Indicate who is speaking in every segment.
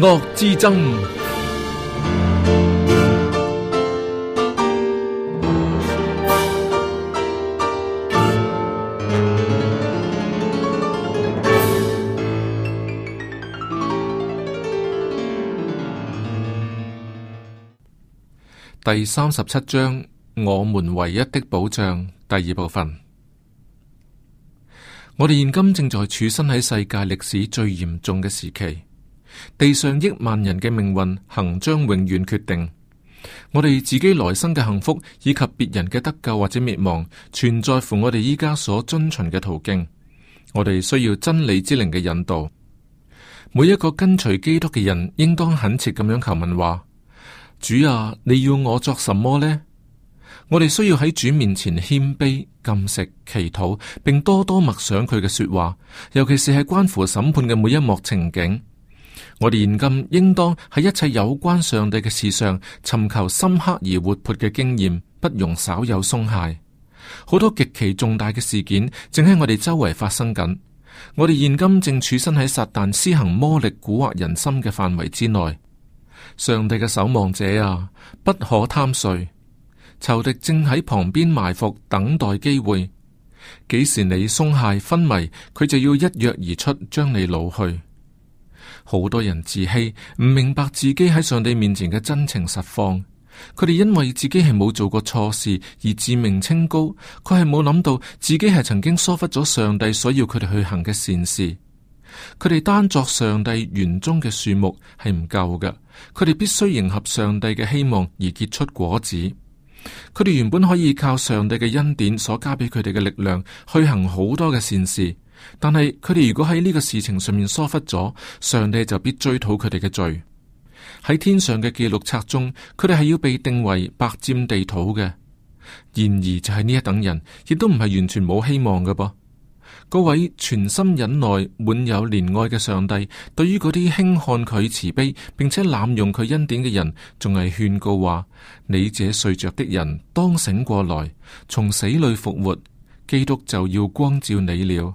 Speaker 1: 惡之爭第三十七章：我們唯一的保障。第二部分。我哋現今正在處身喺世界歷史最嚴重嘅時期。地上億萬人嘅命運行將永遠決定，我哋自己來生嘅幸福，以及別人嘅得救或者滅亡，全在乎我哋依家所遵循嘅途徑。我哋需要真理之靈嘅引導。每一個跟隨基督嘅人，應當懇切咁樣求問話：主啊，你要我作什麼呢？我哋需要喺主面前謙卑、禁食、祈禱，並多多默想佢嘅說話，尤其是係關乎審判嘅每一幕情景。我哋現今應當喺一切有關上帝嘅事上，尋求深刻而活潑嘅經驗，不容稍有鬆懈。好多極其重大嘅事件正喺我哋周圍發生緊。我哋現今正處身喺撒旦施行魔力蠱惑人心嘅範圍之內。上帝嘅守望者啊，不可貪睡，仇敵正喺旁邊埋伏，等待機會。幾時你鬆懈昏迷，佢就要一躍而出，將你擄去。好多人自欺，唔明白自己喺上帝面前嘅真情實況。佢哋因為自己係冇做過錯事而自命清高，佢係冇諗到自己係曾經疏忽咗上帝所要佢哋去行嘅善事。佢哋單作上帝園中嘅樹木係唔夠嘅，佢哋必須迎合上帝嘅希望而結出果子。佢哋原本可以靠上帝嘅恩典所加俾佢哋嘅力量去行好多嘅善事。但係佢哋如果喺呢個事情上面疏忽咗，上帝就必追討佢哋嘅罪。喺天上嘅記錄冊中，佢哋係要被定為白佔地土嘅。然而就係呢一等人，亦都唔係完全冇希望嘅噃。各位全心忍耐、滿有憐愛嘅上帝，對於嗰啲輕看佢慈悲，並且濫用佢恩典嘅人，仲係勸告話：你這睡着的人，當醒過來，從死裏復活，基督就要光照你了。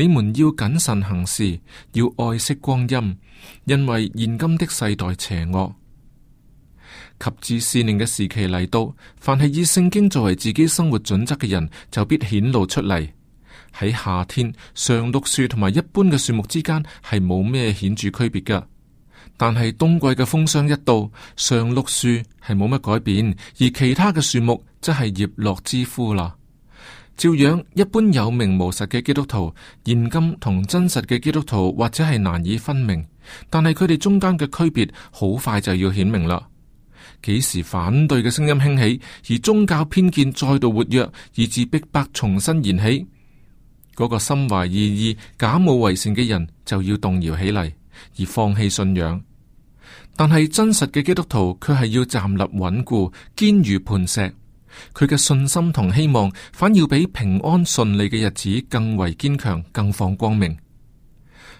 Speaker 1: 你們要謹慎行事，要愛惜光陰，因為現今的世代邪惡。及至善良嘅時期嚟到，凡係以聖經作為自己生活準則嘅人，就必顯露出嚟。喺夏天，常綠樹同埋一般嘅樹木之間係冇咩顯著區別噶，但係冬季嘅風霜一到，常綠樹係冇乜改變，而其他嘅樹木則係葉落之枯啦。照樣，一般有名無實嘅基督徒，現今同真實嘅基督徒或者係難以分明，但係佢哋中間嘅區別好快就要顯明啦。幾時反對嘅聲音興起，而宗教偏見再度活躍，以致逼迫重新燃起，嗰、那個心懷異意、假冒為善嘅人就要動搖起嚟而放棄信仰，但係真實嘅基督徒卻係要站立穩固，堅如磐石。佢嘅信心同希望，反要比平安順利嘅日子更為堅強，更放光明。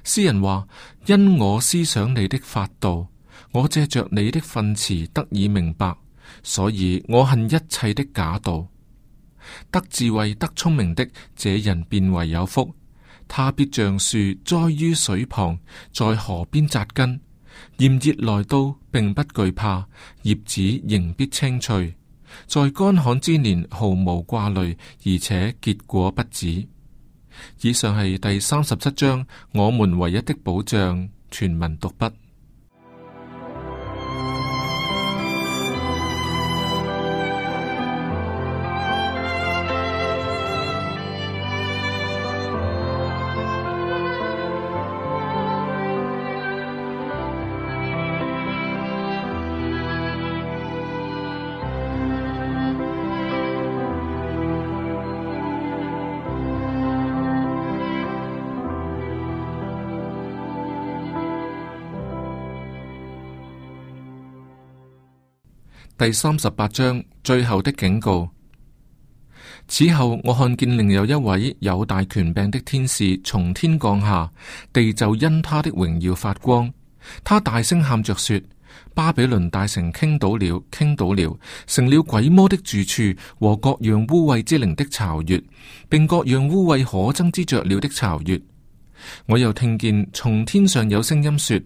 Speaker 1: 詩人話：因我思想你的法道，我借着你的訓詞得以明白，所以我恨一切的假道。得智慧、得聰明的這人便為有福，他必像樹栽於水旁，在河邊扎根，炎熱來到，並不懼怕，葉子仍必青翠。在乾旱之年毫無掛慮，而且結果不止。以上係第三十七章，我們唯一的保障。全文讀畢。第三十八章最後的警告。此後，我看見另有一位有大權柄的天使從天降下，地就因他的榮耀發光。他大聲喊着說：巴比倫大城傾倒了，傾倒了，成了鬼魔的住處和各樣污穢之靈的巢穴，並各樣污穢可憎之雀鳥的巢穴。我又聽見從天上有聲音說：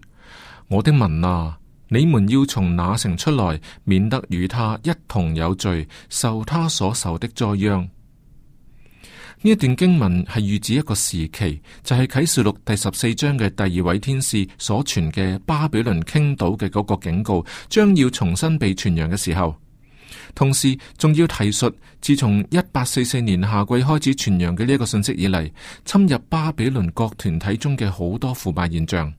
Speaker 1: 我的民啊！你們要從那城出來，免得與他一同有罪，受他所受的災殃。呢一段經文係預指一個時期，就係、是、啟示錄第十四章嘅第二位天使所傳嘅巴比倫傾倒嘅嗰個警告，將要重新被傳揚嘅時候。同時，仲要提述自從一八四四年夏季開始傳揚嘅呢一個信息以嚟，侵入巴比倫各團體中嘅好多腐敗現象。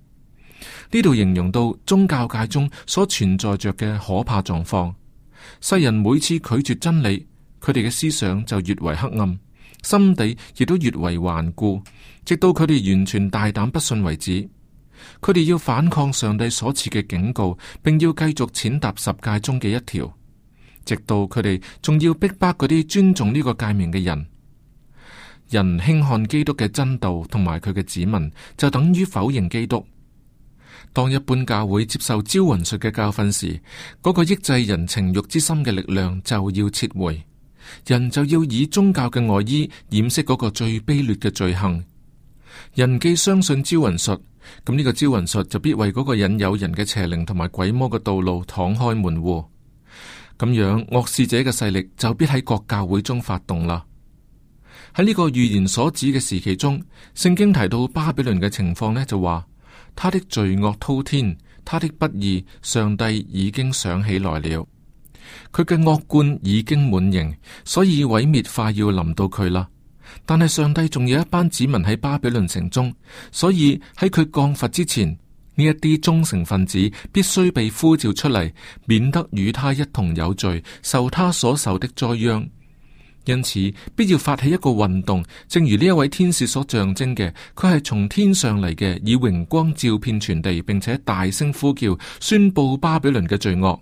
Speaker 1: 呢度形容到宗教界中所存在着嘅可怕狀況，世人每次拒絕真理，佢哋嘅思想就越為黑暗，心地亦都越為頑固，直到佢哋完全大膽不信為止。佢哋要反抗上帝所賜嘅警告，並要繼續踐踏十誡中嘅一條，直到佢哋仲要逼迫嗰啲尊重呢個誡命嘅人。人輕看基督嘅真道同埋佢嘅子民，就等於否認基督。當一般教會接受招魂術嘅教訓時，嗰個抑制人情慾之心嘅力量就要撤回，人就要以宗教嘅外衣掩飾嗰個最卑劣嘅罪行。人既相信招魂術，咁呢個招魂術就必為嗰個引誘人嘅邪靈同埋鬼魔嘅道路敞開門戶。咁樣惡事者嘅勢力就必喺各教會中發動啦。喺呢個預言所指嘅時期中，聖經提到巴比倫嘅情況呢，就話。他的罪惡滔天，他的不義，上帝已經想起來了。佢嘅惡貫已經滿盈，所以毀滅快要臨到佢啦。但係上帝仲有一班子民喺巴比倫城中，所以喺佢降罰之前，呢一啲忠誠分子必須被呼召出嚟，免得與他一同有罪，受他所受的災殃。因此，必要發起一個運動，正如呢一位天使所象徵嘅，佢係從天上嚟嘅，以榮光照遍全地，並且大聲呼叫，宣布巴比倫嘅罪惡。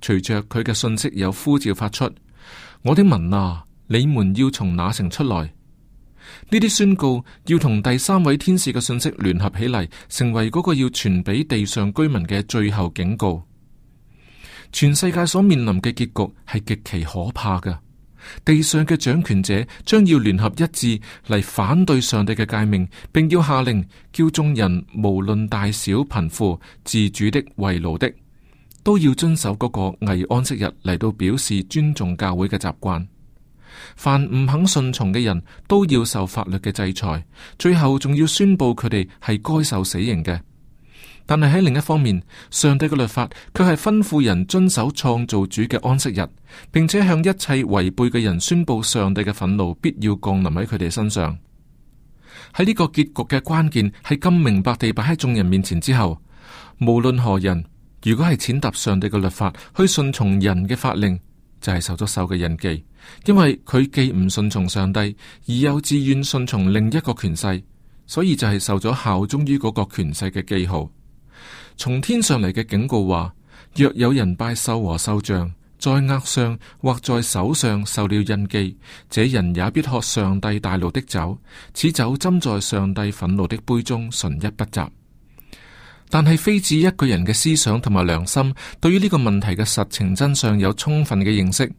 Speaker 1: 隨着佢嘅信息有呼召發出，我的民啊，你們要從那城出來。呢啲宣告要同第三位天使嘅信息聯合起嚟，成為嗰個要傳俾地上居民嘅最後警告。全世界所面臨嘅結局係極其可怕嘅。地上嘅掌權者將要聯合一致嚟反對上帝嘅誡命，並要下令叫眾人無論大小貧富，自主的、為奴的，都要遵守嗰個偽安息日嚟到表示尊重教會嘅習慣。凡唔肯順從嘅人都要受法律嘅制裁，最後仲要宣布佢哋係該受死刑嘅。但係喺另一方面，上帝嘅律法卻係吩咐人遵守創造主嘅安息日，並且向一切違背嘅人宣布上帝嘅憤怒必要降臨喺佢哋身上。喺呢個結局嘅關鍵係咁明白地擺喺眾人面前之後，無論何人，如果係踐踏上帝嘅律法去順從人嘅法令，就係、是、受咗獸嘅印記，因為佢既唔順從上帝，而又自願順從另一個權勢，所以就係受咗效忠於嗰個權勢嘅記號。從天上嚟嘅警告話：若有人拜獸和獸像，在額上或在手上受了印記，這人也必喝上帝大怒的酒。此酒斟在上帝憤怒的杯中，純一不雜。但係非指一個人嘅思想同埋良心對於呢個問題嘅實情真相有充分嘅認識。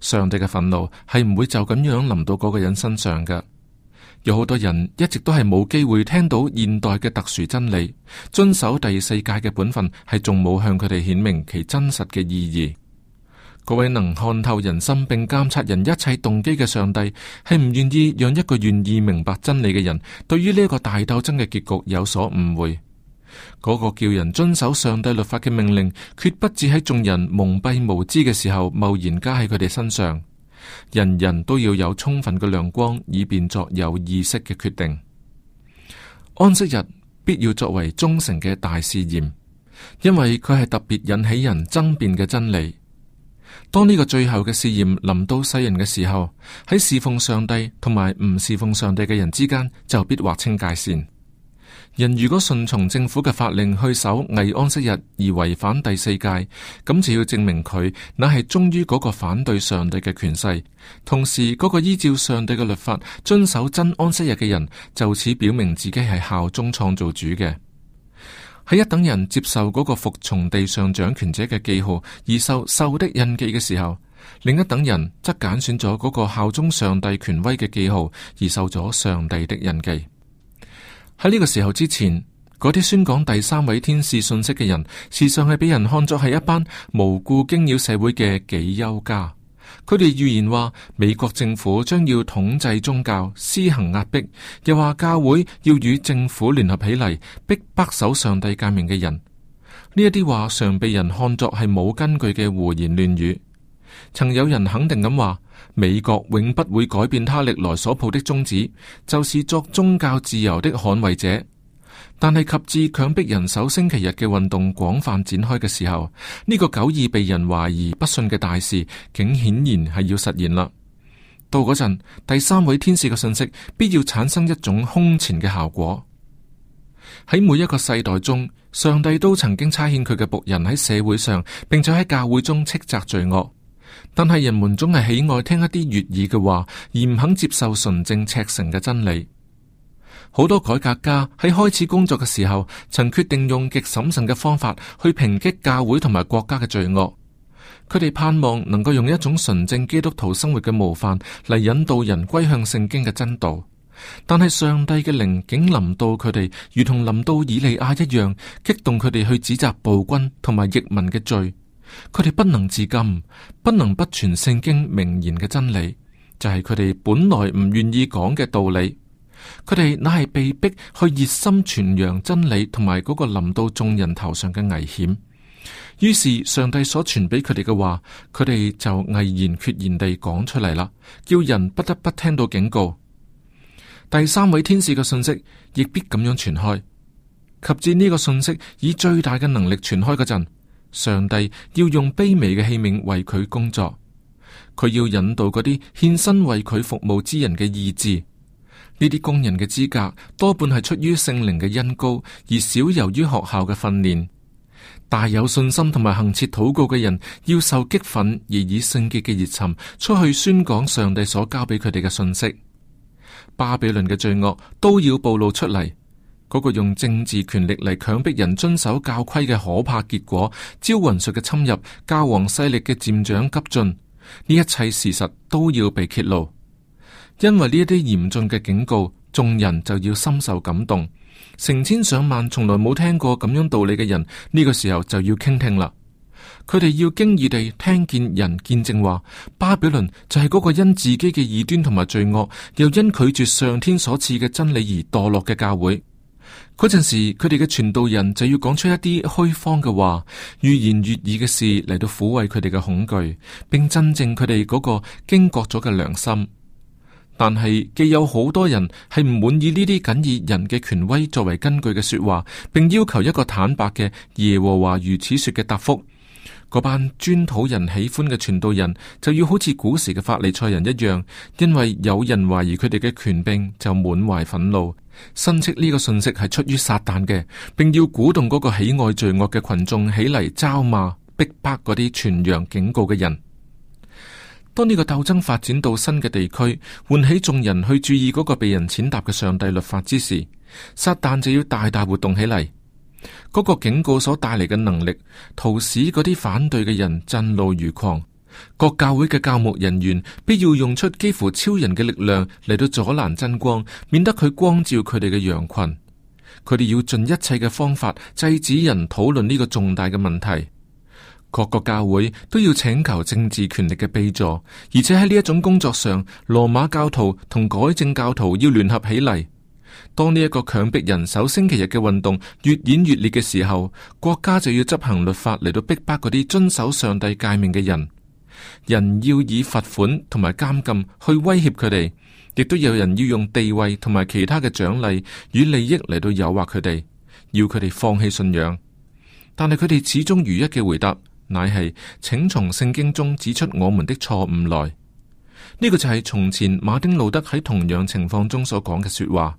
Speaker 1: 上帝嘅憤怒係唔會就咁樣臨到嗰個人身上嘅。有好多人一直都係冇機會聽到現代嘅特殊真理，遵守第四界嘅本分係仲冇向佢哋顯明其真實嘅意義。各位能看透人心並監察人一切動機嘅上帝，係唔願意讓一個願意明白真理嘅人，對於呢個大鬥爭嘅結局有所誤會。嗰個叫人遵守上帝律法嘅命令，決不止喺眾人蒙蔽無知嘅時候貿然加喺佢哋身上。人人都要有充分嘅亮光，以便作有意識嘅決定。安息日必要作為忠誠嘅大試驗，因為佢係特別引起人爭辯嘅真理。當呢個最後嘅試驗臨到世人嘅時候，喺侍奉上帝同埋唔侍奉上帝嘅人之間，就必劃清界綫。人如果順從政府嘅法令去守偽安息日而違反第四誡，咁就要證明佢乃係忠於嗰個反對上帝嘅權勢。同時，嗰個依照上帝嘅律法遵守真安息日嘅人，就此表明自己係效忠創造主嘅。喺一等人接受嗰個服從地上掌權者嘅記號而受獸的印記嘅時候，另一等人則揀選咗嗰個效忠上帝權威嘅記號而受咗上帝的印記。喺呢個時候之前，嗰啲宣講第三位天使信息嘅人，事實上係俾人看作係一班無故驚擾社會嘅杞憂家。佢哋預言話，美國政府將要統治宗教、施行壓迫，又話教會要與政府聯合起嚟，逼迫守上帝誡命嘅人。呢一啲話常被人看作係冇根據嘅胡言亂語。曾有人肯定咁話。美國永不會改變他歷來所抱的宗旨，就是作宗教自由的捍衛者。但係及至強迫人守星期日嘅運動廣泛展開嘅時候，呢個久已被人懷疑不信嘅大事，竟顯然係要實現啦。到嗰陣，第三位天使嘅信息必要產生一種空前嘅效果。喺每一個世代中，上帝都曾經差遣佢嘅僕人喺社會上，並且喺教會中斥責罪惡。但係人們總係喜愛聽一啲悅耳嘅話，而唔肯接受純正赤誠嘅真理。好多改革家喺開始工作嘅時候，曾決定用極審慎嘅方法去抨擊教會同埋國家嘅罪惡。佢哋盼望能夠用一種純正基督徒生活嘅模範嚟引導人歸向聖經嘅真道。但係上帝嘅靈竟臨到佢哋，如同臨到以利亞一樣，激動佢哋去指責暴君同埋異民嘅罪。佢哋不能自禁，不能不傳聖經明言嘅真理，就係佢哋本來唔願意講嘅道理。佢哋乃係被逼去熱心傳揚真理，同埋嗰個臨到眾人頭上嘅危險。於是上帝所傳俾佢哋嘅話，佢哋就毅然決然地講出嚟啦，叫人不得不聽到警告。第三位天使嘅信息亦必咁樣傳開，及至呢個信息以最大嘅能力傳開嗰陣。上帝要用卑微嘅器皿為佢工作，佢要引導嗰啲獻身為佢服務之人嘅意志。呢啲工人嘅資格多半係出於聖靈嘅恩膏，而少由於學校嘅訓練。大有信心同埋懇切禱告嘅人，要受激奮而以聖潔嘅熱忱出去宣講上帝所交俾佢哋嘅信息。巴比倫嘅罪惡都要暴露出嚟。嗰個用政治權力嚟強迫人遵守教規嘅可怕結果，招魂術嘅侵入，教皇勢力嘅漸長急進，呢一切事實都要被揭露。因為呢一啲嚴峻嘅警告，眾人就要深受感動，成千上萬從來冇聽過咁樣道理嘅人，呢、這個時候就要傾聽啦。佢哋要驚異地聽見人見證話，巴比倫就係嗰個因自己嘅異端同埋罪惡，又因拒絕上天所賜嘅真理而墮落嘅教會。嗰陣時，佢哋嘅傳道人就要講出一啲虛謊嘅話、寓言、悅耳嘅事嚟到撫慰佢哋嘅恐懼，並鎮靜佢哋嗰個驚覺咗嘅良心。但係既有好多人係唔滿意呢啲僅以人嘅權威作為根據嘅說話，並要求一個坦白嘅耶和華如此說嘅答覆，嗰班專討人喜歡嘅傳道人就要好似古時嘅法利賽人一樣，因為有人懷疑佢哋嘅權柄，就滿懷憤怒。申斥，呢個信息係出於撒旦嘅，並要鼓動嗰個喜愛罪惡嘅群眾起嚟，嘲罵逼迫嗰啲傳揚警告嘅人。當呢個鬥爭發展到新嘅地區，喚起眾人去注意嗰個被人踐踏嘅上帝律法之時，撒旦就要大大活動起嚟，嗰、那個警告所帶嚟嘅能力，徒使嗰啲反對嘅人震怒如狂。各教會嘅教牧人員必要用出幾乎超人嘅力量嚟到阻攔真光，免得佢光照佢哋嘅羊群。佢哋要盡一切嘅方法制止人討論呢個重大嘅問題。各個教會都要請求政治權力嘅庇助，而且喺呢一種工作上，羅馬教徒同改正教徒要聯合起嚟。當呢一個強迫人守星期日嘅運動越演越烈嘅時候，國家就要執行律法嚟到逼迫嗰啲遵守上帝誡命嘅人。人要以罰款同埋監禁去威脅佢哋，亦都有人要用地位同埋其他嘅獎勵與利益嚟到誘惑佢哋，要佢哋放棄信仰。但係佢哋始終如一嘅回答，乃係請從聖經中指出我們的錯誤來。呢個就係從前馬丁路德喺同樣情況中所講嘅說話。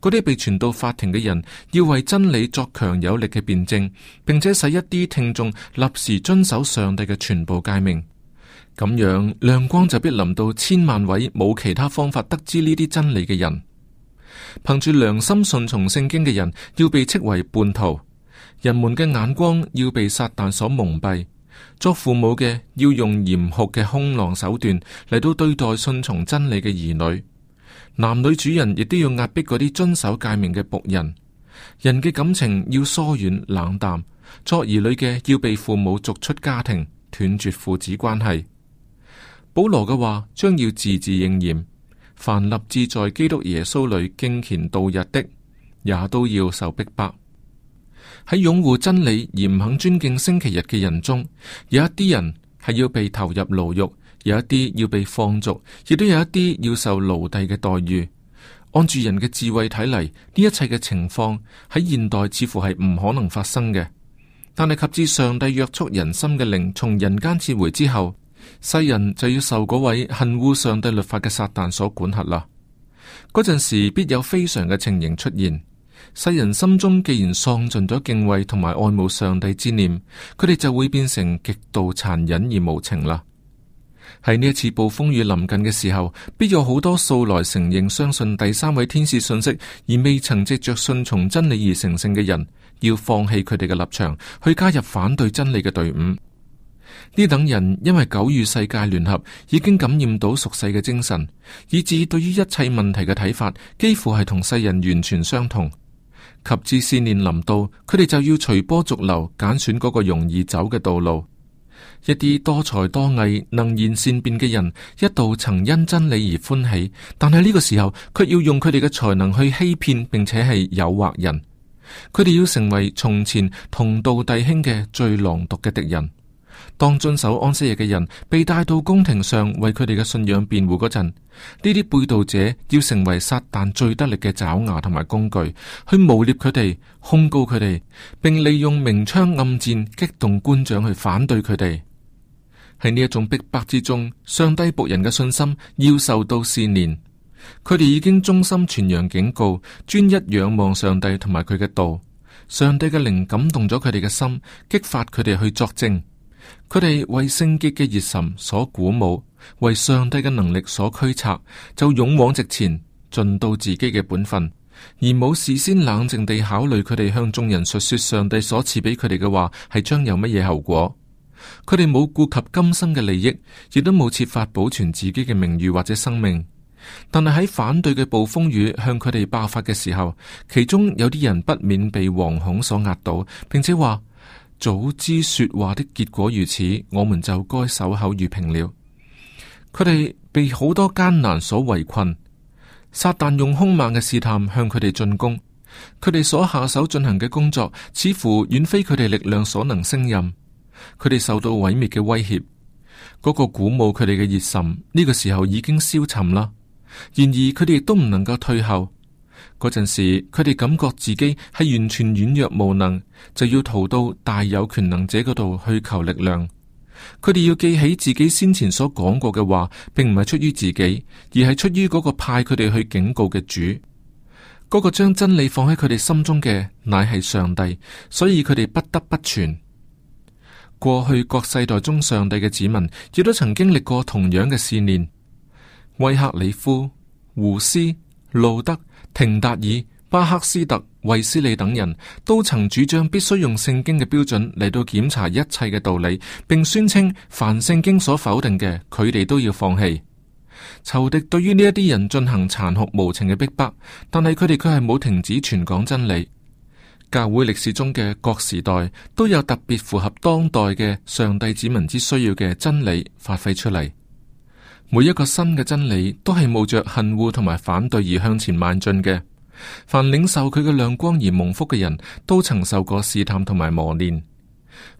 Speaker 1: 嗰啲被傳到法庭嘅人，要為真理作強有力嘅辯證，並且使一啲聽眾立時遵守上帝嘅全部誡命。咁樣，亮光就必臨到千萬位冇其他方法得知呢啲真理嘅人。憑住良心順從聖經嘅人，要被斥為叛徒。人們嘅眼光要被撒旦所蒙蔽。作父母嘅要用嚴酷嘅凶狼手段嚟到對待順從真理嘅兒女。男女主人亦都要壓迫嗰啲遵守誡命嘅僕人。人嘅感情要疏遠冷淡。作兒女嘅要被父母逐出家庭，斷絕父子關係。保羅嘅話將要字字應驗，凡立志在基督耶穌裏敬虔度日的，也都要受逼迫。喺擁護真理而唔肯尊敬星期日嘅人中，有一啲人係要被投入牢獄，有一啲要被放逐，亦都有一啲要受奴隸嘅待遇。按住人嘅智慧睇嚟，呢一切嘅情況喺現代似乎係唔可能發生嘅。但係及至上帝約束人心嘅靈從人間撤回之後，世人就要受嗰位恨惡上帝律法嘅撒旦所管轄啦。嗰陣時必有非常嘅情形出現，世人心中既然喪盡咗敬畏同埋愛慕上帝之念，佢哋就會變成極度殘忍而無情啦。喺呢一次暴風雨臨近嘅時候，必有好多素來承認相信第三位天使信息而未曾藉著信從真理而成聖嘅人，要放棄佢哋嘅立場，去加入反對真理嘅隊伍。呢等人因為久與世界聯合，已經感染到俗世嘅精神，以致對於一切問題嘅睇法，幾乎係同世人完全相同。及至少年臨到，佢哋就要隨波逐流，揀選嗰個容易走嘅道路。一啲多才多藝、能言善辯嘅人，一度曾因真理而歡喜，但係呢個時候，卻要用佢哋嘅才能去欺騙，並且係誘惑人。佢哋要成為從前同道弟兄嘅最狼毒嘅敵人。當遵守安息日嘅人被帶到宮廷上為佢哋嘅信仰辯護嗰陣，呢啲背道者要成為撒但最得力嘅爪牙同埋工具，去誣蔑佢哋、控告佢哋，並利用明槍暗箭激動官長去反對佢哋。喺呢一種逼迫之中，上帝僕人嘅信心要受到試煉。佢哋已經忠心傳揚警告，專一仰望上帝同埋佢嘅道。上帝嘅靈感動咗佢哋嘅心，激發佢哋去作證。佢哋為聖潔嘅熱忱所鼓舞，為上帝嘅能力所驅策，就勇往直前，盡到自己嘅本分，而冇事先冷靜地考慮佢哋向眾人述說上帝所賜俾佢哋嘅話係將有乜嘢後果。佢哋冇顧及今生嘅利益，亦都冇設法保存自己嘅名譽或者生命。但係喺反對嘅暴風雨向佢哋爆發嘅時候，其中有啲人不免被惶恐所壓倒，並且話。早知說話的結果如此，我們就該守口如瓶了。佢哋被好多艱難所圍困，撒旦用凶猛嘅試探向佢哋進攻。佢哋所下手進行嘅工作，似乎遠非佢哋力量所能勝任。佢哋受到毀滅嘅威脅，嗰個鼓舞佢哋嘅熱心，呢個時候已經消沉啦。然而佢哋亦都唔能夠退後。嗰陣時，佢哋感覺自己係完全軟弱無能，就要逃到大有權能者嗰度去求力量。佢哋要記起自己先前所講過嘅話，並唔係出於自己，而係出於嗰個派佢哋去警告嘅主。嗰個將真理放喺佢哋心中嘅，乃係上帝，所以佢哋不得不傳。過去各世代中，上帝嘅子民亦都曾經歷過同樣嘅試煉。威克里夫、胡斯、路德。廷達爾、巴克斯特、衛斯理等人，都曾主張必須用聖經嘅標準嚟到檢查一切嘅道理，並宣稱凡聖經所否定嘅，佢哋都要放棄。仇敵對於呢一啲人進行殘酷無情嘅逼迫，但係佢哋卻係冇停止傳講真理。教會歷史中嘅各時代，都有特別符合當代嘅上帝子民之需要嘅真理發揮出嚟。每一個新嘅真理都係冒着恨惡同埋反對而向前邁進嘅。凡領受佢嘅亮光而蒙福嘅人，都曾受過試探同埋磨練。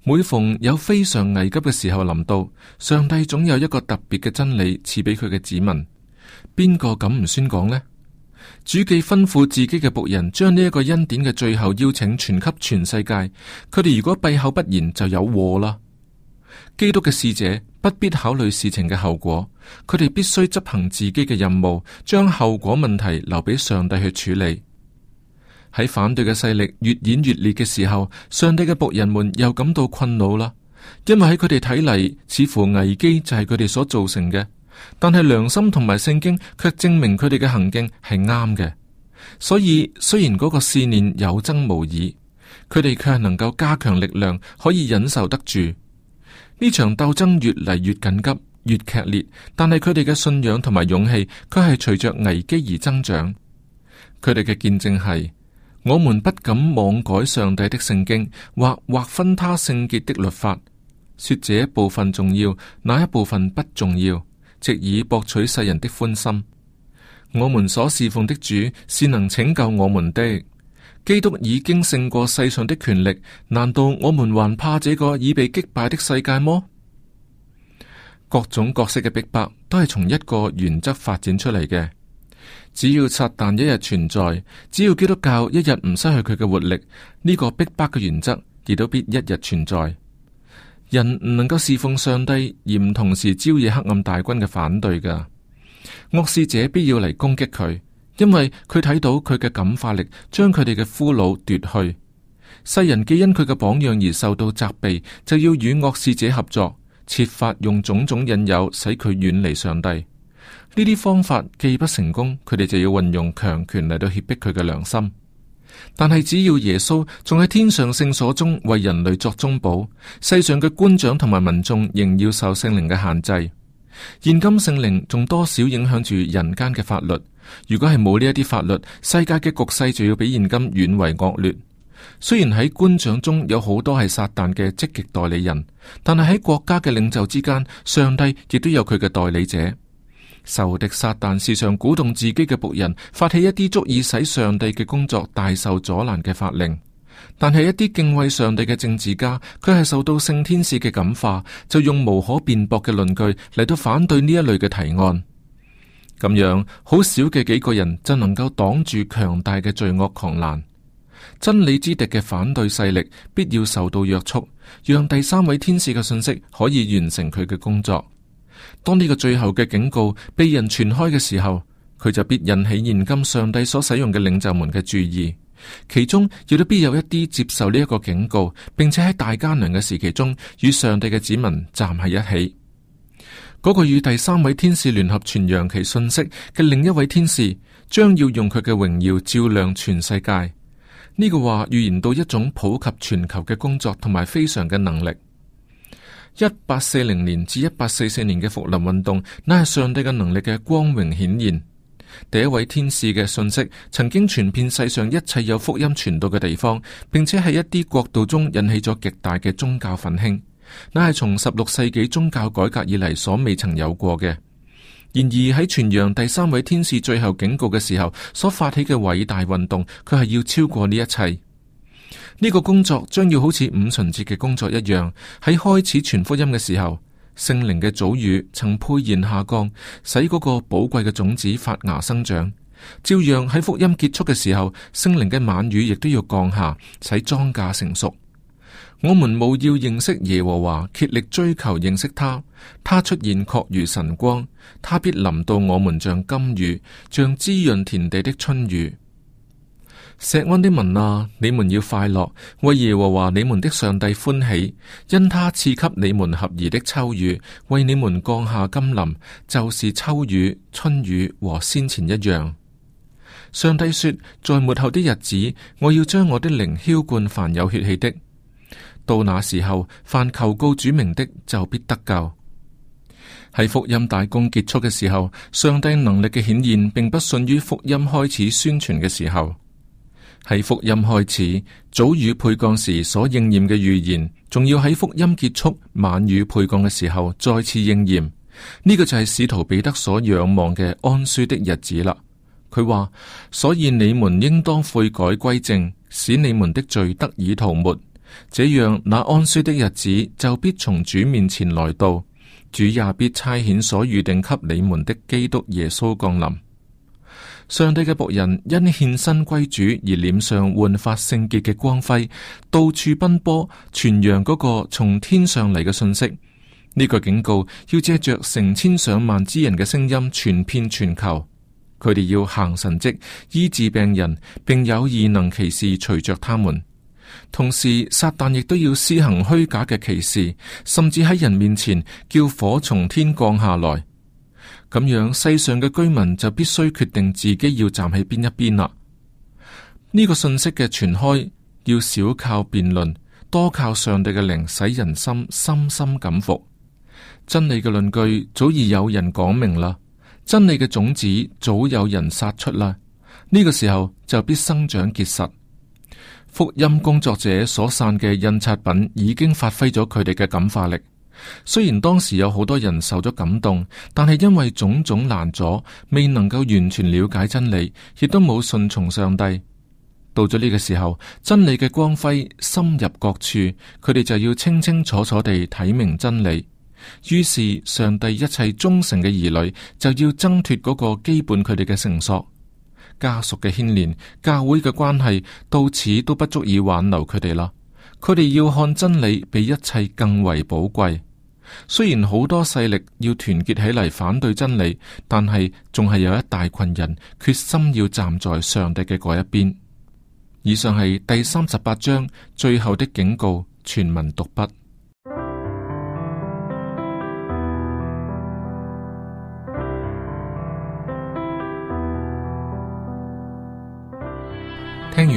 Speaker 1: 每逢有非常危急嘅時候臨到，上帝總有一個特別嘅真理賜俾佢嘅子民。邊個敢唔宣講呢？主既吩咐自己嘅僕人將呢一個恩典嘅最後邀請傳給全世界，佢哋如果閉口不言，就有禍啦。基督嘅使者不必考慮事情嘅後果。佢哋必須執行自己嘅任務，將後果問題留俾上帝去處理。喺反對嘅勢力越演越烈嘅時候，上帝嘅僕人們又感到困擾啦。因為喺佢哋睇嚟，似乎危機就係佢哋所造成嘅。但係良心同埋聖經卻證明佢哋嘅行徑係啱嘅。所以雖然嗰個信念有增無已，佢哋卻係能夠加強力量，可以忍受得住呢場鬥爭越嚟越緊急，越劇烈，但係佢哋嘅信仰同埋勇氣，佢係隨着危機而增長。佢哋嘅見證係：我們不敢妄改上帝的聖經，或劃分他聖潔的律法，說這一部分重要，那一部分不重要，藉以博取世人的歡心。我們所侍奉的主是能拯救我們的，基督已經勝過世上的權力，難道我們還怕這個已被擊敗的世界嗎？各種角色嘅逼迫，迫都係從一個原則發展出嚟嘅。只要撒但一日存在，只要基督教一日唔失去佢嘅活力，呢、這個逼迫嘅原則亦都必一日存在。人唔能夠侍奉上帝而唔同時招惹黑暗大軍嘅反對㗎。惡使者必要嚟攻擊佢，因為佢睇到佢嘅感化力將佢哋嘅俘虜奪去。世人既因佢嘅榜樣而受到責備，就要與惡使者合作。設法用種種引誘使佢遠離上帝，呢啲方法既不成功，佢哋就要運用強權嚟到脅迫佢嘅良心。但係只要耶穌仲喺天上聖所中為人類作中保，世上嘅官長同埋民眾仍要受聖靈嘅限制。現今聖靈仲多少影響住人間嘅法律。如果係冇呢一啲法律，世界嘅局勢就要比現今遠為惡劣。.雖然喺官長中有好多係撒旦嘅積極代理人，但係喺國家嘅領袖之間，上帝亦都有佢嘅代理者。仇敵撒旦時常鼓動自己嘅僕人發起一啲足以使上帝嘅工作大受阻攔嘅法令，但係一啲敬畏上帝嘅政治家，佢係受到聖天使嘅感化，就用無可辯駁嘅論據嚟到反對呢一類嘅提案。咁樣好少嘅幾個人就能夠擋住強大嘅罪惡狂瀾。真理之敵嘅反對勢力必要受到約束，讓第三位天使嘅信息可以完成佢嘅工作。當呢個最後嘅警告被人傳開嘅時候，佢就必引起現今上帝所使用嘅領袖們嘅注意。其中亦都必有一啲接受呢一個警告，並且喺大艱難嘅時期中與上帝嘅子民站喺一起。嗰、那個與第三位天使聯合傳揚其信息嘅另一位天使，將要用佢嘅榮耀照亮全世界。呢個話預言到一種普及全球嘅工作同埋非常嘅能力。一八四零年至一八四四年嘅復臨運動，乃係上帝嘅能力嘅光榮顯現。第一位天使嘅信息曾經傳遍世上一切有福音傳到嘅地方，並且喺一啲國度中引起咗極大嘅宗教奮興，乃係從十六世紀宗教改革以嚟所未曾有過嘅。然而喺傳揚第三位天使最後警告嘅時候，所發起嘅偉大運動，佢係要超過呢一切呢，呢個工作，將要好似五旬節嘅工作一樣。喺開始傳福音嘅時候，聖靈嘅早雨曾沛然下降，使嗰個寶貴嘅種子發芽生長，照樣喺福音結束嘅時候，聖靈嘅晚雨亦都要降下，使莊稼成熟。我們務要認識耶和華，竭力追求認識他。他出現確如晨光，他必臨到我們，像甘雨，像滋潤田地的春雨。錫安的民啊，你們要快樂，為耶和華你們的上帝歡喜，因他賜給你們合宜的秋雨，為你們降下甘霖，就是秋雨、春雨和先前一樣。上帝說，在末後的日子，我要將我的靈澆灌凡有血氣的。到那時候，凡求告主名的就必得救。喺福音大功結束嘅時候，上帝能力嘅顯現，並不遜於福音開始宣傳嘅時候。喺福音開始早雨配降時所應驗嘅預言，仲要喺福音結束晚雨配降嘅時候再次應驗。呢、這個就係使徒彼得所仰望嘅安舒的日子啦。佢話：所以你們應當悔改歸正，使你們的罪得以塗抹。這樣，那安舒的日子就必從主面前來到，主也必差遣所預定給你們的基督耶穌降臨。上帝嘅僕人因獻身歸主而臉上煥發聖潔嘅光輝，到處奔波，傳揚嗰個從天上嚟嘅信息。呢、這個警告要借着成千上萬之人嘅聲音傳遍全球。佢哋要行神迹，醫治病人，並有異能奇事隨着他們。同時，撒旦亦都要施行虛假嘅奇事，甚至喺人面前叫火從天降下來。咁樣世上嘅居民就必須決定自己要站喺邊一邊啦。呢、這個信息嘅傳開，要少靠辯論，多靠上帝嘅靈，使人心深深感服。真理嘅論據早已有人講明啦，真理嘅種子早有人撒出啦。呢、這個時候就必生長結實。福音工作者所散嘅印刷品已經發揮咗佢哋嘅感化力，雖然當時有好多人受咗感動，但係因為種種難阻，未能夠完全了解真理，亦都冇順從上帝。到咗呢個時候，真理嘅光輝深入各處，佢哋就要清清楚楚地睇明真理。於是，上帝一切忠誠嘅兒女就要掙脫嗰個羈絆佢哋嘅繩索。家屬嘅牽連、教會嘅關係，到此都不足以挽留佢哋啦。佢哋要看真理比一切更為寶貴。雖然好多勢力要團結起嚟反對真理，但係仲係有一大群人決心要站在上帝嘅嗰一邊。以上係第三十八章最後的警告，全文讀畢。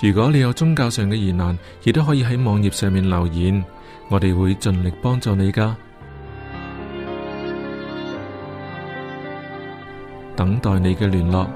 Speaker 1: 如果你有宗教上嘅疑難，亦都可以喺網頁上面留言，我哋會盡力幫助你㗎。等待你嘅聯絡。